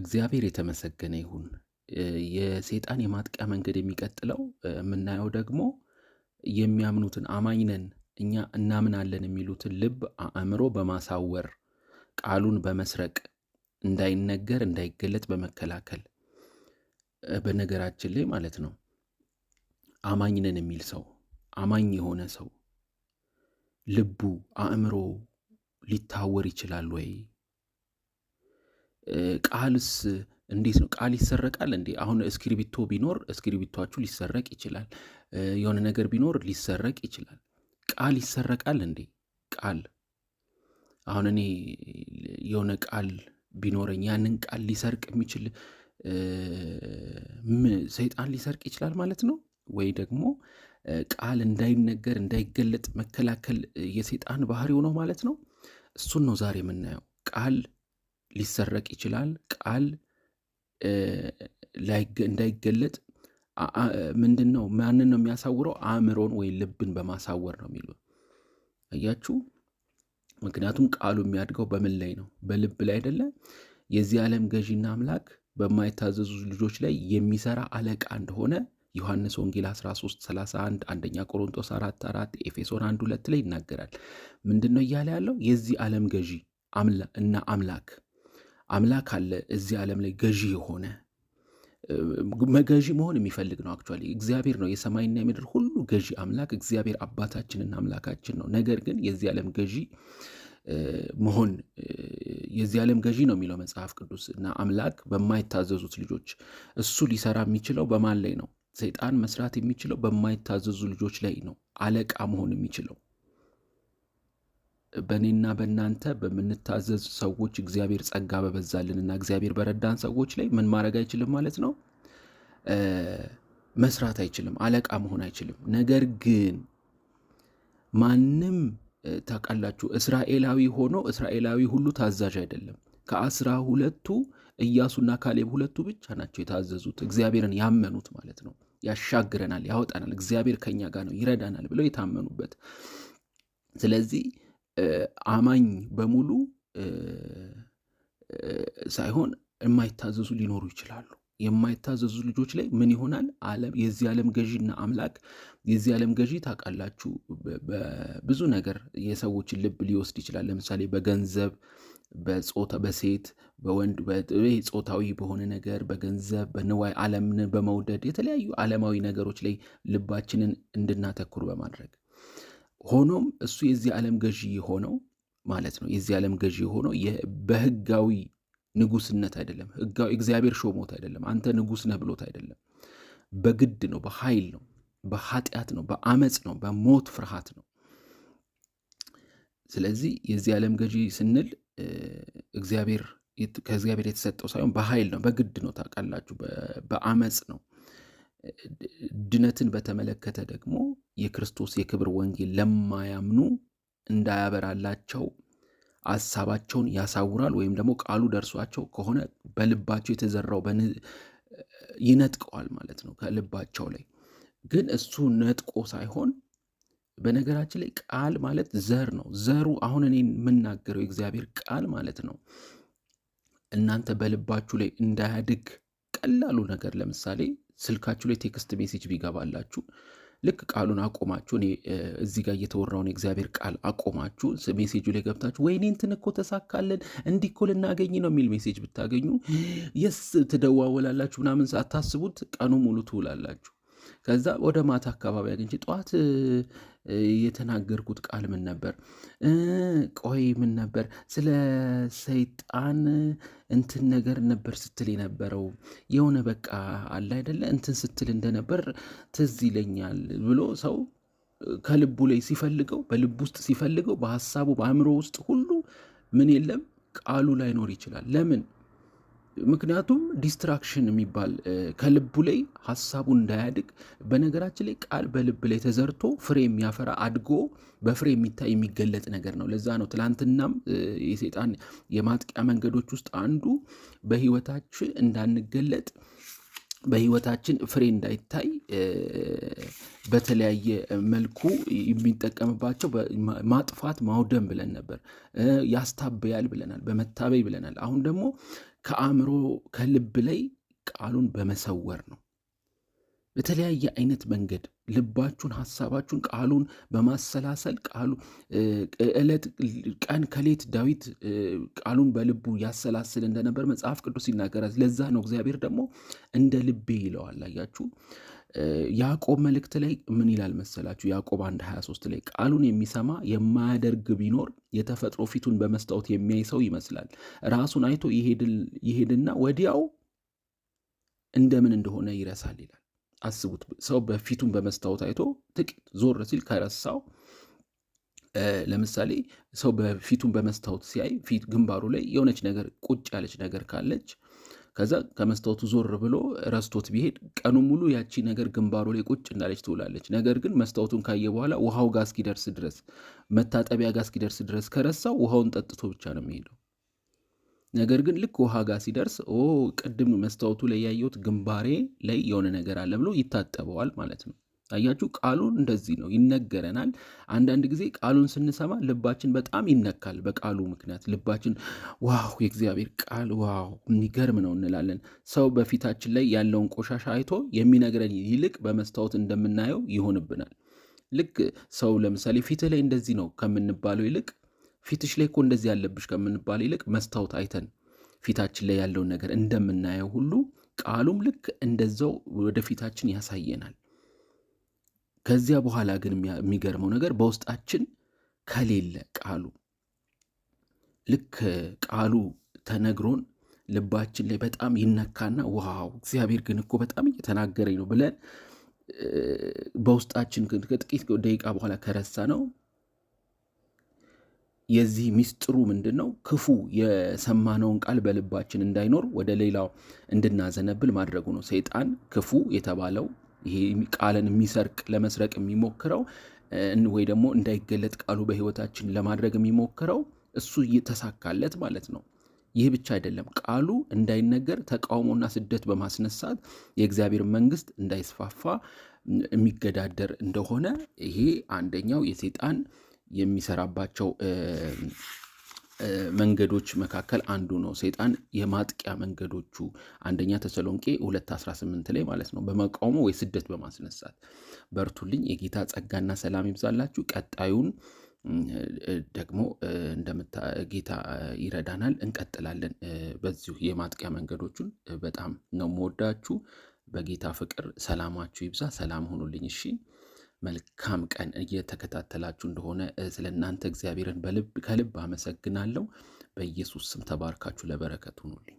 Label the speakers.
Speaker 1: እግዚአብሔር የተመሰገነ ይሁን። የሴጣን የማጥቂያ መንገድ የሚቀጥለው የምናየው ደግሞ የሚያምኑትን አማኝነን እኛ እናምናለን የሚሉትን ልብ አእምሮ በማሳወር ቃሉን በመስረቅ እንዳይነገር እንዳይገለጥ በመከላከል በነገራችን ላይ ማለት ነው። አማኝነን የሚል ሰው አማኝ የሆነ ሰው ልቡ አእምሮ ሊታወር ይችላል ወይ? ቃልስ እንዴት ነው? ቃል ይሰረቃል እንዴ? አሁን እስክሪብቶ ቢኖር እስክሪብቶችሁ ሊሰረቅ ይችላል። የሆነ ነገር ቢኖር ሊሰረቅ ይችላል። ቃል ይሰረቃል እንዴ? ቃል አሁን እኔ የሆነ ቃል ቢኖረኝ ያንን ቃል ሊሰርቅ የሚችል ሰይጣን ሊሰርቅ ይችላል ማለት ነው። ወይ ደግሞ ቃል እንዳይነገር እንዳይገለጥ መከላከል የሰይጣን ባህሪው ነው ማለት ነው። እሱን ነው ዛሬ የምናየው ቃል ሊሰረቅ ይችላል። ቃል እንዳይገለጥ ምንድን ነው ማንን ነው የሚያሳውረው? አእምሮን ወይ ልብን በማሳወር ነው የሚሉ አያችሁ። ምክንያቱም ቃሉ የሚያድገው በምን ላይ ነው? በልብ ላይ አይደለ? የዚህ ዓለም ገዢና አምላክ በማይታዘዙ ልጆች ላይ የሚሰራ አለቃ እንደሆነ ዮሐንስ ወንጌል 13 31 አንደኛ ቆሮንቶስ 4 4 ኤፌሶን 1 2 ላይ ይናገራል። ምንድን ነው እያለ ያለው የዚህ ዓለም ገዢ እና አምላክ አምላክ አለ እዚህ ዓለም ላይ ገዢ የሆነ ገዢ መሆን የሚፈልግ ነው። አክቹዋሊ እግዚአብሔር ነው የሰማይና የምድር ሁሉ ገዢ አምላክ እግዚአብሔር አባታችንና አምላካችን ነው። ነገር ግን የዚህ ዓለም ገዢ መሆን የዚህ ዓለም ገዢ ነው የሚለው መጽሐፍ ቅዱስ እና አምላክ በማይታዘዙት ልጆች እሱ ሊሰራ የሚችለው በማን ላይ ነው? ሰይጣን መስራት የሚችለው በማይታዘዙ ልጆች ላይ ነው። አለቃ መሆን የሚችለው በእኔና በእናንተ በምንታዘዝ ሰዎች እግዚአብሔር ጸጋ እና እግዚአብሔር በረዳን ሰዎች ላይ ምን ማድረግ አይችልም ማለት ነው፣ መስራት አይችልም፣ አለቃ መሆን አይችልም። ነገር ግን ማንም ታውቃላችሁ፣ እስራኤላዊ ሆኖ እስራኤላዊ ሁሉ ታዛዥ አይደለም። ከአስራ ሁለቱ ኢያሱና ካሌብ ሁለቱ ብቻ ናቸው የታዘዙት፣ እግዚአብሔርን ያመኑት ማለት ነው። ያሻግረናል፣ ያወጣናል፣ እግዚአብሔር ከኛ ጋር ነው፣ ይረዳናል ብለው የታመኑበት ስለዚህ አማኝ በሙሉ ሳይሆን የማይታዘዙ ሊኖሩ ይችላሉ። የማይታዘዙ ልጆች ላይ ምን ይሆናል? ዓለም የዚህ ዓለም ገዢና አምላክ የዚህ ዓለም ገዢ ታውቃላችሁ፣ በብዙ ነገር የሰዎችን ልብ ሊወስድ ይችላል። ለምሳሌ በገንዘብ፣ በጾታ፣ በሴት፣ በወንድ፣ ጾታዊ በሆነ ነገር፣ በገንዘብ፣ በንዋይ፣ ዓለምን በመውደድ የተለያዩ ዓለማዊ ነገሮች ላይ ልባችንን እንድናተኩር በማድረግ ሆኖም እሱ የዚህ ዓለም ገዢ የሆነው ማለት ነው። የዚህ ዓለም ገዢ የሆነው በህጋዊ ንጉስነት አይደለም። ህጋዊ እግዚአብሔር ሾሞት አይደለም። አንተ ንጉስ ነህ ብሎት አይደለም። በግድ ነው፣ በኃይል ነው፣ በኃጢአት ነው፣ በአመፅ ነው፣ በሞት ፍርሃት ነው። ስለዚህ የዚህ ዓለም ገዢ ስንል እግዚአብሔር ከእግዚአብሔር የተሰጠው ሳይሆን በኃይል ነው፣ በግድ ነው። ታውቃላችሁ፣ በአመፅ ነው። ድነትን በተመለከተ ደግሞ የክርስቶስ የክብር ወንጌል ለማያምኑ እንዳያበራላቸው አሳባቸውን ያሳውራል። ወይም ደግሞ ቃሉ ደርሷቸው ከሆነ በልባቸው የተዘራው ይነጥቀዋል ማለት ነው። ከልባቸው ላይ ግን እሱ ነጥቆ ሳይሆን በነገራችን ላይ ቃል ማለት ዘር ነው። ዘሩ አሁን እኔ የምናገረው የእግዚአብሔር ቃል ማለት ነው። እናንተ በልባችሁ ላይ እንዳያድግ ቀላሉ ነገር ለምሳሌ ስልካችሁ ላይ ቴክስት ሜሴጅ ቢገባላችሁ ልክ ቃሉን አቆማችሁ እኔ እዚህ ጋር እየተወራውን የእግዚአብሔር ቃል አቆማችሁ ሜሴጁ ላይ ገብታችሁ ወይኔ እንትን እኮ ተሳካለን እንዲህ እኮ ልናገኝ ነው የሚል ሜሴጅ ብታገኙ የስ ትደዋወላላችሁ ምናምን ሳታስቡት ቀኑ ሙሉ ትውላላችሁ። ከዛ ወደ ማታ አካባቢ አግኝቼ ጠዋት የተናገርኩት ቃል ምን ነበር? ቆይ ምን ነበር? ስለ ሰይጣን እንትን ነገር ነበር ስትል የነበረው የሆነ በቃ አለ አይደለ እንትን ስትል እንደነበር ትዝ ይለኛል ብሎ ሰው ከልቡ ላይ ሲፈልገው፣ በልብ ውስጥ ሲፈልገው፣ በሀሳቡ በአእምሮ ውስጥ ሁሉ ምን የለም ቃሉ ላይኖር ይችላል። ለምን ምክንያቱም ዲስትራክሽን የሚባል ከልቡ ላይ ሀሳቡ እንዳያድግ በነገራችን ላይ ቃል በልብ ላይ ተዘርቶ ፍሬ የሚያፈራ አድጎ በፍሬ የሚታይ የሚገለጥ ነገር ነው። ለዛ ነው ትላንትናም የሴጣን የማጥቂያ መንገዶች ውስጥ አንዱ በህይወታችን እንዳንገለጥ በህይወታችን ፍሬ እንዳይታይ በተለያየ መልኩ የሚጠቀምባቸው ማጥፋት፣ ማውደም ብለን ነበር። ያስታበያል ብለናል፣ በመታበይ ብለናል። አሁን ደግሞ ከአእምሮ ከልብ ላይ ቃሉን በመሰወር ነው። በተለያየ አይነት መንገድ ልባችሁን፣ ሀሳባችሁን፣ ቃሉን በማሰላሰል ቃሉ ዕለት ቀን ከሌት ዳዊት ቃሉን በልቡ ያሰላስል እንደነበር መጽሐፍ ቅዱስ ይናገራል። ለዛ ነው እግዚአብሔር ደግሞ እንደ ልቤ ይለዋል። አያችሁ ያዕቆብ መልእክት ላይ ምን ይላል መሰላችሁ? ያዕቆብ 1 23 ላይ ቃሉን የሚሰማ የማያደርግ ቢኖር የተፈጥሮ ፊቱን በመስታወት የሚያይ ሰው ይመስላል። ራሱን አይቶ ይሄድና ወዲያው እንደምን እንደሆነ ይረሳል ይላል። አስቡት ሰው በፊቱን በመስታወት አይቶ ጥቂት ዞር ሲል ከረሳው ለምሳሌ ሰው በፊቱን በመስታወት ሲያይ ፊት ግንባሩ ላይ የሆነች ነገር ቁጭ ያለች ነገር ካለች ከዛ ከመስታወቱ ዞር ብሎ ረስቶት ቢሄድ ቀኑ ሙሉ ያቺ ነገር ግንባሩ ላይ ቁጭ እንዳለች ትውላለች። ነገር ግን መስታወቱን ካየ በኋላ ውሃው ጋር እስኪደርስ ድረስ መታጠቢያ ጋር እስኪደርስ ድረስ ከረሳው ውሃውን ጠጥቶ ብቻ ነው የሚሄደው። ነገር ግን ልክ ውሃ ጋር ሲደርስ ኦ ቅድም መስታወቱ ላይ ያየሁት ግንባሬ ላይ የሆነ ነገር አለ ብሎ ይታጠበዋል ማለት ነው። አያችሁ፣ ቃሉን እንደዚህ ነው ይነገረናል። አንዳንድ ጊዜ ቃሉን ስንሰማ ልባችን በጣም ይነካል። በቃሉ ምክንያት ልባችን ዋው፣ የእግዚአብሔር ቃል ዋው፣ የሚገርም ነው እንላለን። ሰው በፊታችን ላይ ያለውን ቆሻሻ አይቶ የሚነግረን ይልቅ በመስታወት እንደምናየው ይሆንብናል። ልክ ሰው ለምሳሌ ፊት ላይ እንደዚህ ነው ከምንባለው ይልቅ ፊትሽ ላይ እኮ እንደዚህ ያለብሽ ከምንባል ይልቅ መስታወት አይተን ፊታችን ላይ ያለውን ነገር እንደምናየው ሁሉ ቃሉም ልክ እንደዛው ወደፊታችን ያሳየናል። ከዚያ በኋላ ግን የሚገርመው ነገር በውስጣችን ከሌለ ቃሉ ልክ ቃሉ ተነግሮን ልባችን ላይ በጣም ይነካና ዋው እግዚአብሔር ግን እኮ በጣም እየተናገረኝ ነው ብለን በውስጣችን ከጥቂት ደቂቃ በኋላ ከረሳ ነው የዚህ ሚስጥሩ ምንድን ነው? ክፉ የሰማነውን ቃል በልባችን እንዳይኖር ወደ ሌላው እንድናዘነብል ማድረጉ ነው። ሰይጣን ክፉ የተባለው ይሄ ቃልን የሚሰርቅ ለመስረቅ የሚሞክረው ወይ ደግሞ እንዳይገለጥ ቃሉ በህይወታችን ለማድረግ የሚሞክረው እሱ ተሳካለት ማለት ነው። ይህ ብቻ አይደለም። ቃሉ እንዳይነገር ተቃውሞና ስደት በማስነሳት የእግዚአብሔር መንግስት እንዳይስፋፋ የሚገዳደር እንደሆነ ይሄ አንደኛው የሰይጣን የሚሰራባቸው መንገዶች መካከል አንዱ ነው። ሰይጣን የማጥቂያ መንገዶቹ አንደኛ ተሰሎንቄ 2:18 ላይ ማለት ነው። በመቃውሞ ወይ ስደት በማስነሳት በርቱልኝ። የጌታ ጸጋና ሰላም ይብዛላችሁ። ቀጣዩን ደግሞ እንደምታ ጌታ ይረዳናል። እንቀጥላለን። በዚሁ የማጥቂያ መንገዶቹን በጣም ነው የምወዳችሁ። በጌታ ፍቅር ሰላማችሁ ይብዛ። ሰላም ሁኑልኝ። እሺ መልካም ቀን እየተከታተላችሁ እንደሆነ ስለ እናንተ እግዚአብሔርን ከልብ አመሰግናለሁ። በኢየሱስ ስም ተባርካችሁ ለበረከት ሁኑልኝ።